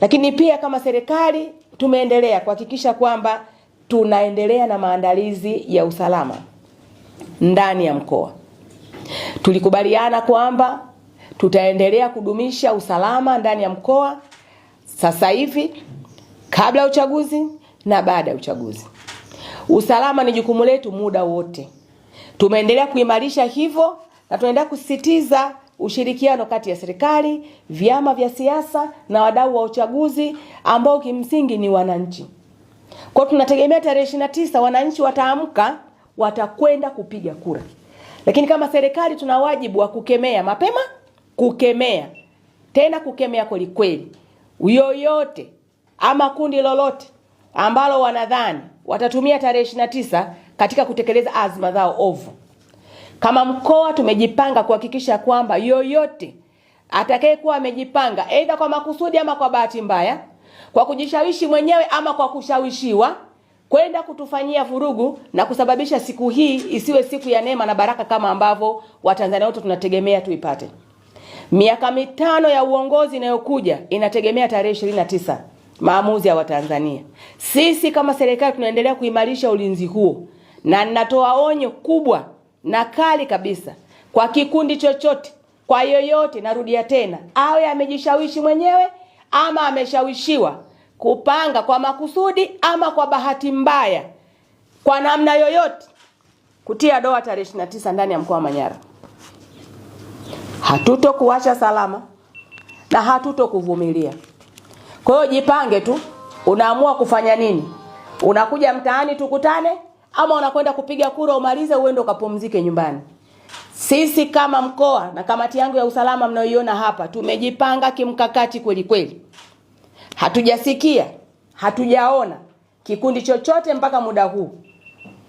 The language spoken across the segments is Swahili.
Lakini pia kama serikali tumeendelea kuhakikisha kwamba tunaendelea na maandalizi ya usalama ndani ya mkoa. Tulikubaliana kwamba tutaendelea kudumisha usalama ndani ya mkoa sasa hivi, kabla ya uchaguzi na baada ya uchaguzi. Usalama ni jukumu letu muda wote, tumeendelea kuimarisha hivyo na tunaendelea kusisitiza ushirikiano kati ya serikali, vyama vya siasa na wadau wa uchaguzi ambao kimsingi ni wananchi. Kwa tunategemea tarehe 29 wananchi wataamka, watakwenda kupiga kura, lakini kama serikali tuna wajibu wa kukemea mapema, kukemea tena, kukemea kwelikweli yoyote ama kundi lolote ambalo wanadhani watatumia tarehe 29 katika kutekeleza azma zao ovu. Kama mkoa tumejipanga kuhakikisha kwamba yoyote atakayekuwa amejipanga aidha kwa makusudi ama kwa bahati mbaya, kwa kujishawishi mwenyewe ama kwa kushawishiwa kwenda kutufanyia vurugu na kusababisha siku hii isiwe siku ya neema na baraka kama ambavyo Watanzania wote tunategemea tuipate. Miaka mitano ya uongozi inayokuja inategemea tarehe 29 maamuzi ya Watanzania. Sisi kama serikali tunaendelea kuimarisha ulinzi huo, na ninatoa onyo kubwa na kali kabisa kwa kikundi chochote, kwa yoyote. Narudia tena, awe amejishawishi mwenyewe ama ameshawishiwa kupanga kwa makusudi ama kwa bahati mbaya, kwa namna yoyote kutia doa tarehe 29 ndani ya mkoa wa Manyara. Hatutokuacha salama na hatutokuvumilia. Kwa hiyo jipange tu, unaamua kufanya nini? Unakuja mtaani tukutane ama unakwenda kupiga kura umalize uende ukapumzike nyumbani. Sisi kama mkoa na kamati yangu ya usalama mnayoiona hapa tumejipanga kimkakati kweli kweli. Hatujasikia, hatujaona kikundi chochote mpaka muda huu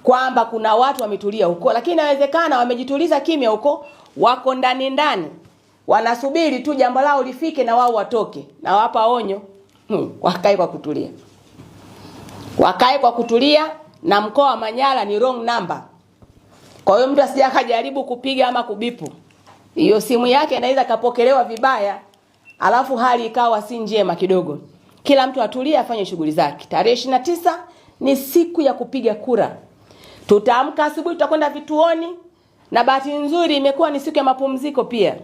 kwamba kuna watu wametulia huko, lakini inawezekana wamejituliza kimya huko, wako ndani ndani, wanasubiri tu jambo lao lifike na wao watoke. Na wapa onyo hmm, wakae kwa kutulia, wakae kwa kutulia na mkoa wa Manyara ni wrong number. Kwa hiyo mtu asija akajaribu kupiga ama kubipu, hiyo simu yake anaweza kapokelewa vibaya, alafu hali ikawa si njema kidogo. Kila mtu atulie, afanye shughuli zake. Tarehe ishirini na tisa ni siku ya kupiga kura. Tutaamka asubuhi, tutakwenda vituoni, na bahati nzuri imekuwa ni siku ya mapumziko pia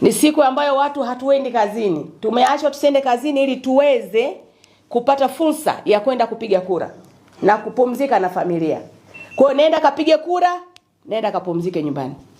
ni siku ambayo watu hatuendi kazini, tumeachwa tusiende kazini ili tuweze kupata fursa ya kwenda kupiga kura na kupumzika na familia. Kwa hiyo nenda kapige kura, nenda kapumzike nyumbani.